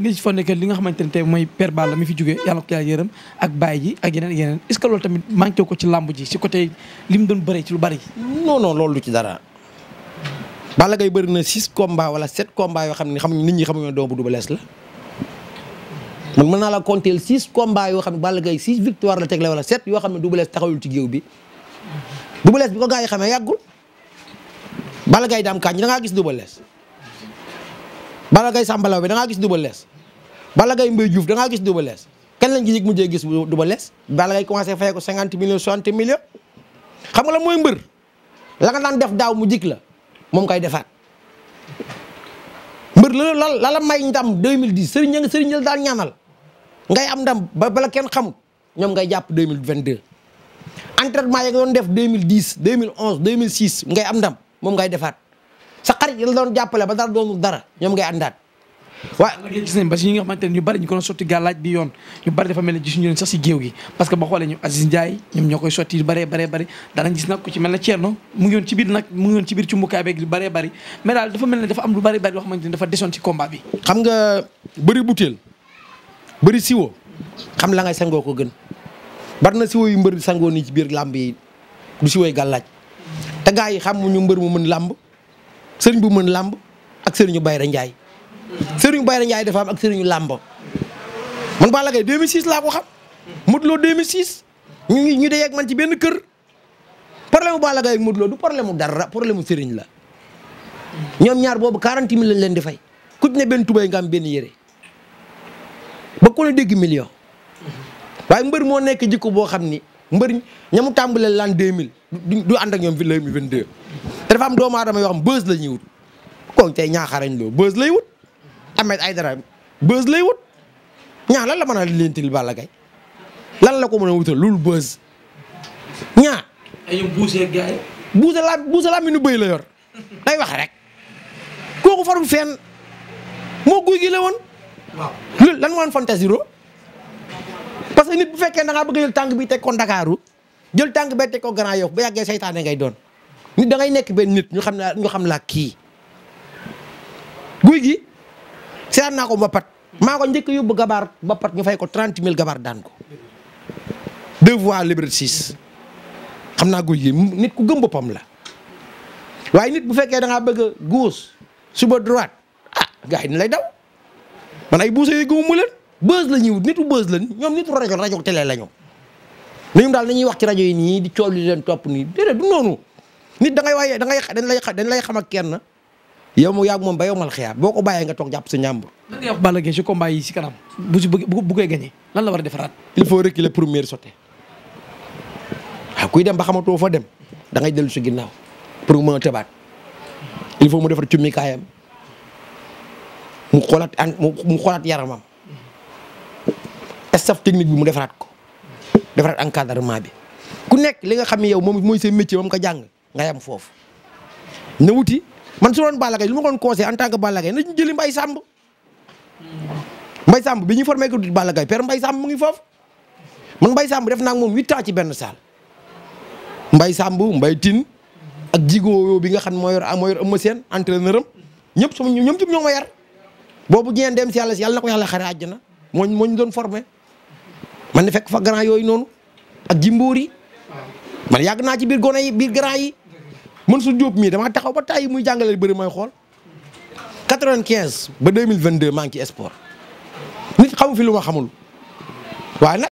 nga ci fonne que li nga xamante ne tey mooy Père Balla mi fi jógee yàlla ko yàlla yërëm ak baay ji ak yeneen yeneen est ce que loolu tamit manqué ko ci làmb ji si côté li mu doon bëree ci lu bari. non non loolu du ci dara. Balla Gaye bëri na six combats wala sept yoo xam ne xamuñ nit ñi xamuñu doomu Double Less la. man mën naa la compter six combats yoo xam ne Balla Gaye six victoire la tegle wala sept yoo xam ne Double Less taxawul ci géew bi. Double Less bi ko gaa yi xam yàggul. Balla Gaye daam kaañ da ngaa gis Double Less. Balla Gaye sàmbalaw bi da ngaa gis Double Less. bala Gaye Mbaye Diouf da gis Double Less kenn lañ mu jee gis Double Less Balla Gaye commencé fay ko 50 millions 60 millions xam nga la mooy mbër la nga daan def daaw mu jik la moom koy defaat mbër la la la la may ndam 2010 sëriñ nga sëriñ la daan ñaanal ngay am ndam ba bala kenn xam ñoom ngay jàpp 2022 entraînement ya nga doon def mil 2010 2011 2006 ngay am ndam moom ngay defaat sa xarit yi la doon jàppale ba dara doonul dara ñoom ngay àndaat waaw gis ba si ñi nga xamante ne ñu bari ñu ko doon sotti gàllaaj bi yoon ñu bari dafa mel ne gisuñu leen sax si géew gi parce que ba xoolee ñu Aziz Ndiaye ñoom ñoo koy sotti baree baree bari daanañ gis nag ku ci mel ne Thierno mu ngi woon mu ngi woon ci biir ci mbukaay beeg lu bari mais daal mel ne dafa am lu bari bari siwo xam la ngay sangoo ko gën bari na siwo yu mbër sangoo nii ci biir làmb yi du siwoy gàllaaj te gaa yi xam mu ñu mbër mu mën làmb sëriñ bu mën làmb ak sëriñu Bayra Ndiaye Serigne Bayra Ndiaye dafa am ak Serigne Lamba man Balla Gaye 2006 laa ko xam Modou Lo 2006 ñu ngi ñu dee ak man ci benn kër problème mu Balla Gaye ak Modou Lo du problème mu dara problème mu Serigne la ñoom ñaar boobu 40 mille lañ leen di fay ku ne benn tubay nga am benn yére ba ku ne dégg million waaye mbër moo nekk jikko boo xam ni mbër ña mu tàmbalee l'an 2000 du ànd ak ñoom fi te am doomu aadama yoo xam bës la ñuy wut kon tey ñaaxarañ lay wut Ahmed ay buzz lay wut ñaa lan la mën a lentil Balla Gaye lan la ko mën a wutal loolu buzz ñaa. ay buusee gaay buuse la buuse la mi nu bëy la yor day wax rek kooku farul fenn moo guy gi la woon. la loolu lan fantasiro parce que nit bu fekkee da ngaa bëgg a jël tànk bi teg ko Ndakaaru jël tànk bee teg ko Grand Yoff ba ngay doon nit da ngay nekk nit ñu xam la ñu xam la kii guy gi. seetaan naa ko mbapat maa ko njëkk yóbbu gabaar mbapat ñu fay ko 30 000 gabaar daan ko deux fois Liberté 6 xam naa guy gi nit ku gëm boppam la waaye nit bu fekkee da ngaa bëgg a gauche suba droite ah gars yi ni lay daw man ay buuse yooyu gëmuma leen bës la ñuy wut nitu bës la ñoom nitu rajo rajo télé la ñu ñoom daal dañuy wax ci rajo yi nii di coow li leen topp nii déedéet du noonu nit da ngay waaye da ngay dañ lay dañ lay xam ak kenn yow mu yàgg moom ba yow mal xiyaar boo ko bàyyee nga toog jàpp sa njàmbur. lan ngay wax Balla yi si kanam bu si bëgg bu koy gagné lan la war a defaraat. il faut reculer première sauté waaw ah, kuy dem ba xamatoo fa dem da ngay dellu si ginnaaw pour mën a tëbaat il faut mu defar cummi kaayam mu xoolaat an mu xoolaat yaramam staff technique bi mu defaraat ko defaraat encadrement bi ku nekk li nga xam ne yow moom mooy seen métier moom ko jàng nga yam foofu na wuti man su doon Balla Gaye lu ma doon conseil en tant que Balla Gaye nañu jëli Mbaye Samb Mbaye Samb bi ñu formé ko Balla Gaye père Mbaye Samb mu ngi foofu man Mbaye Samb def naa ak moom huit ans ci benn saal mbay Samb mbay Tine ak jigoo bi nga xam moo yor moo yor ëmma seen entraîneur am ñëpp sama ñoom ñëpp ñoo yar boobu ñeen dem si yàlla si yàlla na ko yàlla xare àjjana moo moo ñu doon formé man ne fekk fa grand yooyu noonu ak jimbóor yi man yàgg naa ci biir gone yi biir grand yi Mansour Diop mii damaa taxaw ba tàyyi muy jàngale bëri may xool 95 ba 2022 maa ngi ci sport nit xamu fi lu ma xamul waaye nag